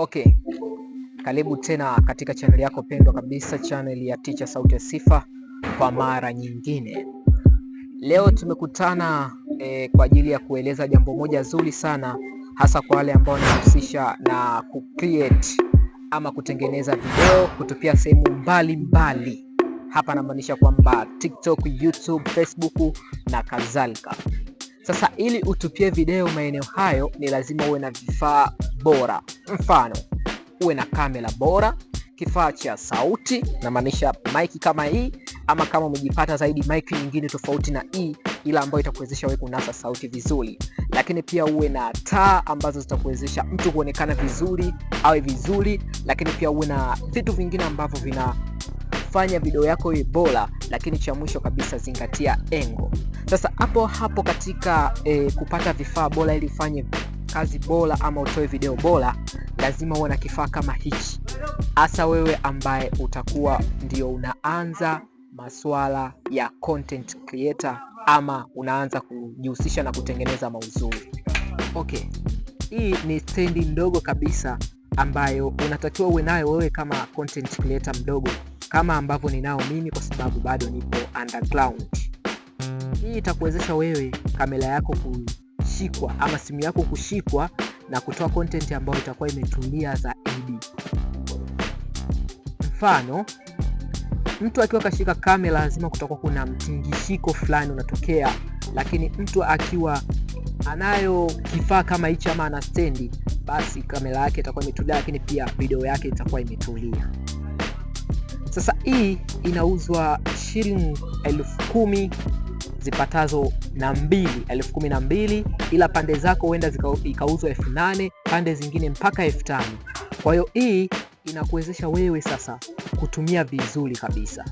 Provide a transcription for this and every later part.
Okay. Karibu tena katika chaneli yako pendwa kabisa, chaneli ya Teacher Sauti ya Sifa kwa mara nyingine. Leo tumekutana eh, kwa ajili ya kueleza jambo moja zuri sana hasa kwa wale ambao wanahusisha na ku create ama kutengeneza video kutupia sehemu mbalimbali. Hapa namaanisha kwamba TikTok, YouTube, Facebook na kadhalika. Sasa ili utupie video maeneo hayo, ni lazima uwe na vifaa bora. Mfano, uwe na kamera bora, kifaa cha sauti, namaanisha maiki kama hii, ama kama umejipata zaidi maiki nyingine tofauti na hii, ila ambayo itakuwezesha wewe kunasa sauti vizuri. Lakini pia uwe na taa ambazo zitakuwezesha mtu kuonekana vizuri, awe vizuri. Lakini pia uwe na vitu vingine ambavyo vinafanya video yako iwe bora. Lakini cha mwisho kabisa, zingatia engo. Sasa hapo hapo katika eh, kupata vifaa bora ili ufanye kazi bora ama utoe video bora, lazima uwe na kifaa kama hichi, hasa wewe ambaye utakuwa ndio unaanza masuala ya content creator ama unaanza kujihusisha na kutengeneza mauzuri. Okay, hii ni stendi ndogo kabisa ambayo unatakiwa uwe nayo wewe kama content creator mdogo, kama ambavyo ninao mimi, kwa sababu bado nipo underground. Hii itakuwezesha wewe kamera yako kushikwa ama simu yako kushikwa na kutoa content ambayo itakuwa imetulia zaidi. Mfano, mtu akiwa kashika kamera lazima kutakuwa kuna mtingishiko fulani unatokea, lakini mtu akiwa anayo kifaa kama hichi ama ana stendi, basi kamera yake itakuwa imetulia, lakini pia video yake itakuwa imetulia. Sasa hii inauzwa shilingi elfu kumi zipatazo na mbili elfu kumi na mbili ila pande zako huenda ikauzwa elfu nane pande zingine mpaka elfu tano Kwa hiyo hii inakuwezesha wewe sasa kutumia vizuri kabisa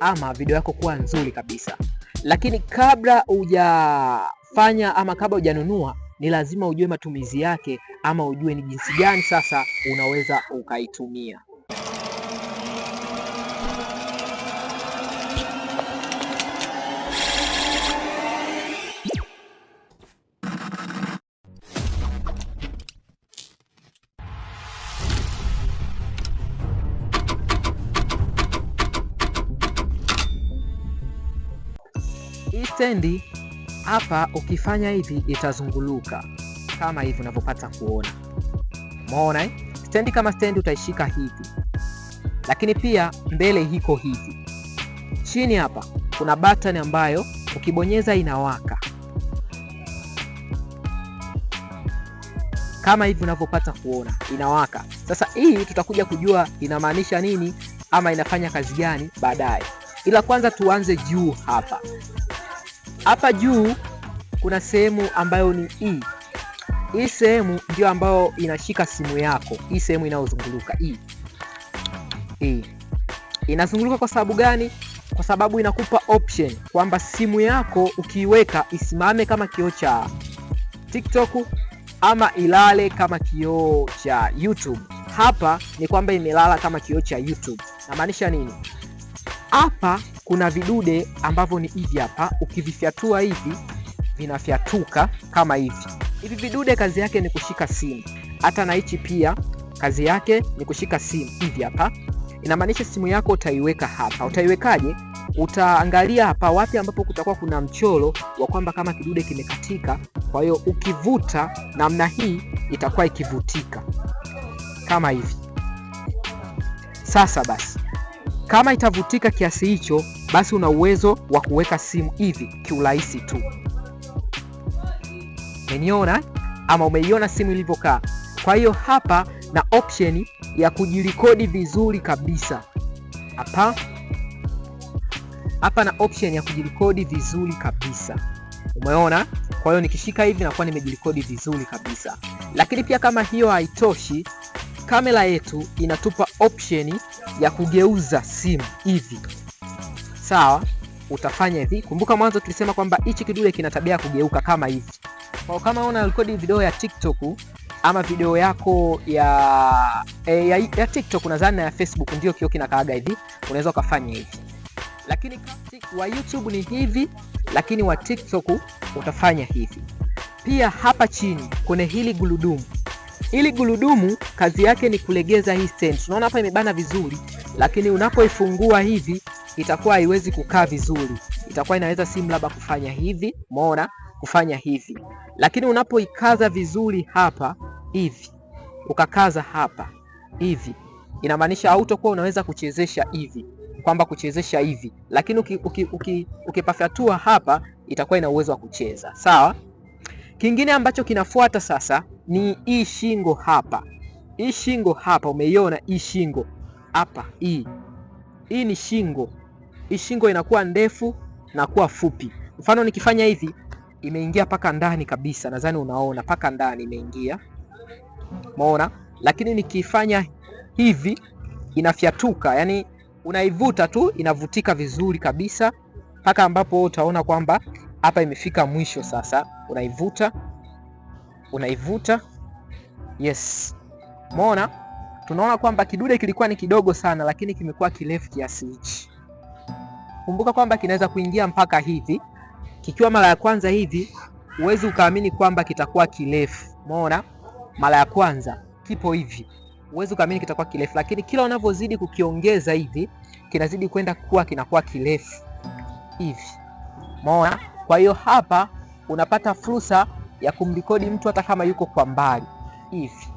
ama video yako kuwa nzuri kabisa, lakini kabla hujafanya ama kabla hujanunua ni lazima ujue matumizi yake ama ujue ni jinsi gani sasa unaweza ukaitumia. stendi hapa, ukifanya hivi itazunguluka kama hivi unavyopata kuona. Umeona eh? Stendi kama stendi utaishika hivi, lakini pia mbele hiko hivi. Chini hapa kuna button ambayo ukibonyeza inawaka kama hivi unavyopata kuona inawaka. Sasa hii tutakuja kujua inamaanisha nini ama inafanya kazi gani baadaye, ila kwanza tuanze juu hapa. Hapa juu kuna sehemu ambayo ni E. Hii e sehemu ndio ambayo inashika simu yako, hii e sehemu inayozunguluka E. E. Inazunguluka kwa sababu gani? Kwa sababu inakupa option kwamba simu yako ukiiweka isimame kama kioo cha TikTok ama ilale kama kioo cha YouTube. Hapa ni kwamba imelala kama kioo cha YouTube. Namaanisha nini? Hapa kuna vidude ambavyo ni hivi hapa, ukivifyatua hivi vinafyatuka kama hivi. Hivi vidude kazi yake ni kushika simu. Hata na hichi pia kazi yake ni kushika simu hivi hapa. Inamaanisha simu yako utaiweka hapa. Utaiwekaje? Utaangalia hapa wapi ambapo kutakuwa kuna mchoro wa kwamba kama kidude kimekatika. Kwa hiyo ukivuta namna hii itakuwa ikivutika kama hivi. Sasa basi kama itavutika kiasi hicho, basi una uwezo wa kuweka simu hivi kiurahisi tu. Meniona ama umeiona simu ilivyokaa? Kwa hiyo hapa na option ya kujirikodi vizuri kabisa hapa hapa, na option ya kujirikodi vizuri kabisa. Umeona? Kwa hiyo nikishika hivi nakuwa nimejirikodi vizuri kabisa, lakini pia kama hiyo haitoshi kamera yetu inatupa option ya kugeuza simu hivi, sawa? Utafanya hivi. Kumbuka mwanzo tulisema kwamba hichi kidule kina tabia ya kugeuka kama hivi. Kwa kama una record video ya TikTok ama video yako ya eh, ya, ya TikTok nadhani na ya Facebook ndio kio kinakaaga hivi, unaweza ukafanya hivi. Lakini wa YouTube ni hivi, lakini wa TikTok utafanya hivi. Pia hapa chini kuna hili gurudumu ili gurudumu kazi yake ni kulegeza hii stand. Unaona hapa imebana vizuri, lakini unapoifungua hivi itakuwa haiwezi kukaa vizuri, itakuwa inaweza simu labda kufanya hivi, umeona, kufanya hivi. Lakini unapoikaza vizuri hapa hivi, ukakaza hapa hivi, inamaanisha hautakuwa unaweza kuchezesha hivi kwamba kuchezesha hivi, lakini ukipafyatua uki, uki, uki hapa itakuwa ina uwezo wa kucheza. Sawa. Kingine ambacho kinafuata sasa ni hii shingo hapa, hii shingo hapa, umeiona hii shingo hapa, hii hii ni shingo. Hii shingo inakuwa ndefu na kuwa fupi. Mfano nikifanya hivi, imeingia mpaka ndani kabisa, nadhani unaona mpaka ndani imeingia, umeona. Lakini nikifanya hivi, inafyatuka, yani unaivuta tu, inavutika vizuri kabisa mpaka ambapo utaona kwamba hapa imefika mwisho. Sasa unaivuta unaivuta. Yes, umeona, tunaona kwamba kidude kilikuwa ni kidogo sana, lakini kimekuwa kirefu kiasi hichi. Kumbuka kwamba kinaweza kuingia mpaka hivi. Kikiwa mara ya kwanza hivi, huwezi ukaamini kwamba kitakuwa kirefu. Umeona, mara ya kwanza kipo hivi, huwezi ukaamini kitakuwa kirefu, lakini kila unavyozidi kukiongeza hivi, kinazidi kwenda kuwa kinakuwa kirefu hivi. Umeona, kwa hiyo hapa unapata fursa ya kumrekodi mtu hata kama yuko kwa mbali hivi.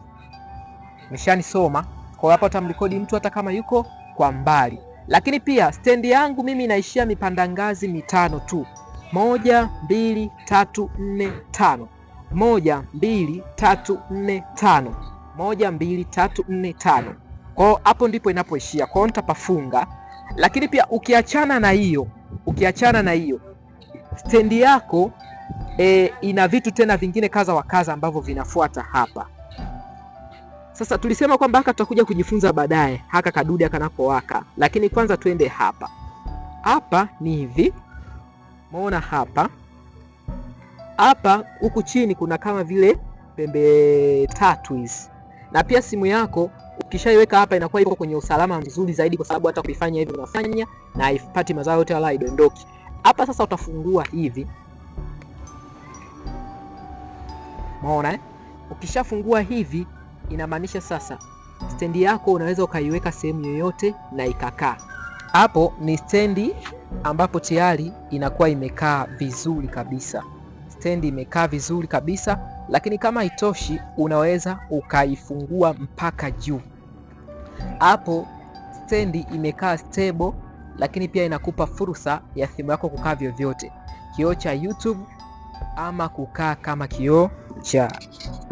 nishanisoma Kwa hiyo hapa utamrekodi mtu hata kama yuko kwa mbali. Lakini pia stendi yangu mimi inaishia mipanda ngazi mitano tu, moja, mbili, tatu, nne, tano, moja, mbili, tatu, nne, tano, moja, mbili, tatu, nne, tano. Kwa hapo ndipo inapoishia, kwa hiyo nitapafunga. Lakini pia ukiachana na hiyo, ukiachana na hiyo stendi yako e, ina vitu tena vingine kaza wa kaza ambavyo vinafuata hapa. Sasa tulisema kwamba haka tutakuja kujifunza baadaye, haka kadude kanakowaka, lakini kwanza tuende hapa. Hapa ni hivi, maona hapa hapa, huku chini kuna kama vile pembe tatu hizi, na pia simu yako ukishaiweka hapa inakuwa iko kwenye usalama mzuri zaidi, kwa sababu hata kuifanya hivi unafanya na haipati madhara yote wala haidondoki. Hapa sasa utafungua hivi maona eh? Ukishafungua hivi inamaanisha sasa stendi yako unaweza ukaiweka sehemu yoyote na ikakaa hapo. Ni stendi ambapo tayari inakuwa imekaa vizuri kabisa, stendi imekaa vizuri kabisa. Lakini kama haitoshi, unaweza ukaifungua mpaka juu. Hapo stendi imekaa stable, lakini pia inakupa fursa ya simu yako kukaa vyovyote, kioo cha YouTube ama kukaa kama kioo cha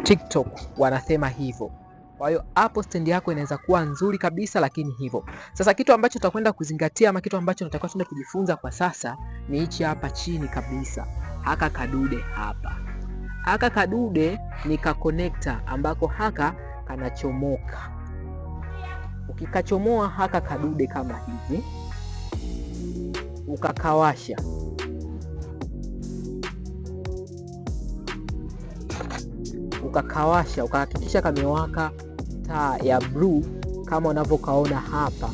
TikTok, wanasema hivyo. Kwa hiyo hapo stendi yako inaweza kuwa nzuri kabisa, lakini hivyo sasa, kitu ambacho tutakwenda kuzingatia ama kitu ambacho natakiwa tuende kujifunza kwa sasa ni hichi hapa chini kabisa, haka kadude hapa. Haka kadude ni ka connector ambako haka kanachomoka. Ukikachomoa haka kadude kama hivi, ukakawasha ukakawasha, ukahakikisha kamewaka taa ya bluu kama unavyokaona hapa,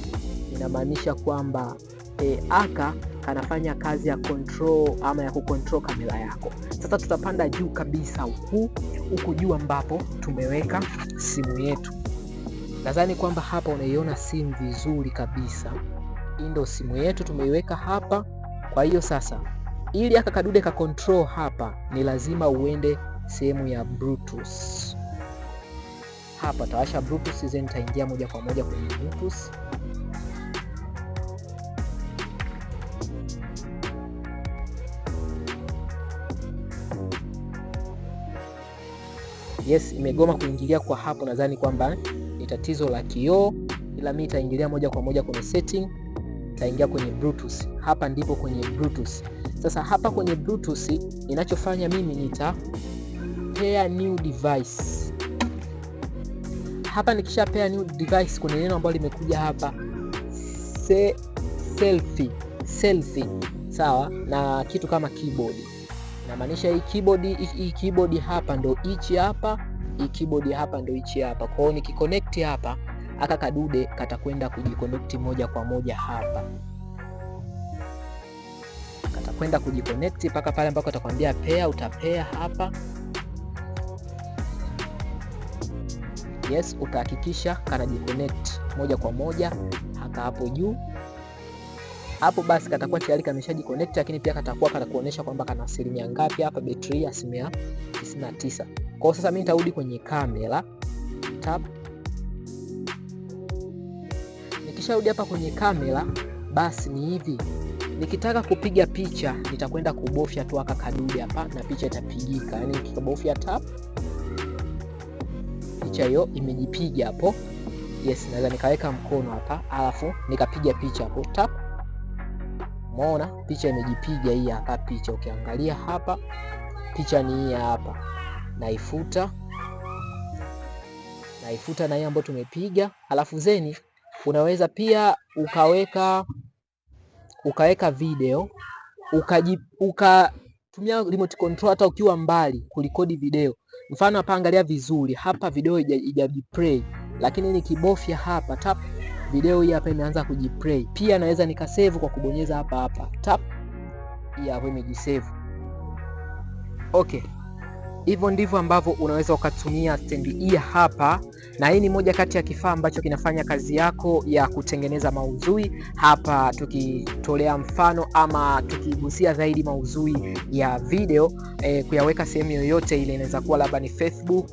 inamaanisha kwamba e, aka kanafanya kazi ya control ama ya kucontrol kamera yako. Sasa tutapanda juu kabisa huku huku juu ambapo tumeweka simu yetu. Nadhani kwamba hapa unaiona simu vizuri kabisa. Hii ndio simu yetu tumeiweka hapa. Kwa hiyo sasa, ili aka kadude ka control hapa, ni lazima uende sehemu ya Bluetooth. Hapa tawasha Bluetooth, then taingia moja kwa moja kwenye Bluetooth. Yes, imegoma kuingilia kwa hapo. Nadhani kwamba ni tatizo la kioo, ila mimi taingilia moja kwa moja kwenye setting, taingia kwenye Bluetooth. Hapa ndipo kwenye Bluetooth. Sasa hapa kwenye Bluetooth ninachofanya mimi nita pair new device. Hapa nikisha pair new device, kuna neno ambalo limekuja hapa Se, selfie, selfie sawa na kitu kama keyboard. Inamaanisha hii keyboard, hii keyboard hapa ndo ichi hapa, hii keyboard hapa ndo ichi hapa. Kwa hiyo nikiconnect hapa aka kadude katakwenda kujiconnect moja kwa moja hapa katakwenda kujiconnect mpaka pale ambako atakwambia pair, utapea hapa yes, utahakikisha connect moja kwa moja haka hapo juu hapo basi katakuwa tayari connect, lakini pia katakuwa katakuonyesha kwamba kana asilimia ngapi hapa, betri asilimia 99. Kwa hiyo sasa mimi nitarudi kwenye kamera tap. Nikisharudi hapa kwenye kamera, basi ni hivi, nikitaka kupiga picha nitakwenda kubofya tu aka kadude hapa na picha itapigika, yani nikibofya tab picha hiyo imejipiga hapo. Yes, naweza nikaweka mkono hapa alafu nikapiga picha hapo tap. Umeona picha imejipiga hii hapa picha. Ukiangalia hapa picha ni hii hapa, naifuta naifuta na hii ambayo tumepiga, alafu zeni unaweza pia ukaweka ukaweka video ukaji, ukatumia remote control hata ukiwa mbali kurekodi video Mfano hapa, angalia vizuri hapa, video ijajiplay, lakini nikibofya hapa tap, video hii hapa imeanza kujiplay. Pia naweza nikasave kwa kubonyeza hapa hapa tap, hii hapo imejisave. Okay. Hivyo ndivyo ambavyo unaweza ukatumia stendi hii hapa, na hii ni moja kati ya kifaa ambacho kinafanya kazi yako ya kutengeneza maudhui. Hapa tukitolea mfano ama tukigusia zaidi maudhui ya video e, kuyaweka sehemu yoyote ile, inaweza kuwa labda ni Facebook,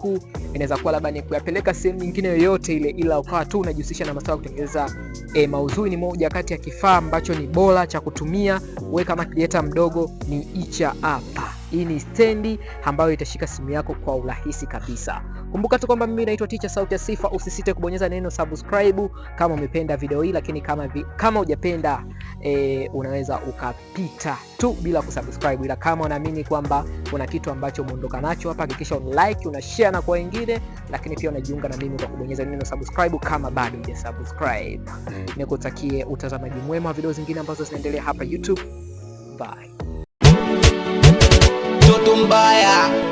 inaweza kuwa labda ni kuyapeleka sehemu nyingine yoyote ile, ila ukawa tu unajihusisha na masuala ya kutengeneza e, maudhui. Ni moja kati ya kifaa ambacho ni bora cha kutumia. Wewe kama creator mdogo, ni icha hapa. Hii ni stendi ambayo itashika simu yako kwa urahisi kabisa. Kumbuka tu kwamba mimi naitwa Teacher Sauti ya Sifa. Usisite kubonyeza neno subscribe kama umependa video hii, lakini kama vi, kama hujapenda e, unaweza ukapita tu bila kusubscribe, ila kama unaamini kwamba kuna kitu ambacho umeondoka nacho hapa, hakikisha like, una share na kwa wengine, lakini pia unajiunga na mimi kwa kubonyeza neno subscribe kama bado hujasubscribe. Mm. Nikutakie utazamaji mwema wa video zingine ambazo zinaendelea hapa YouTube. Bye. tumbaya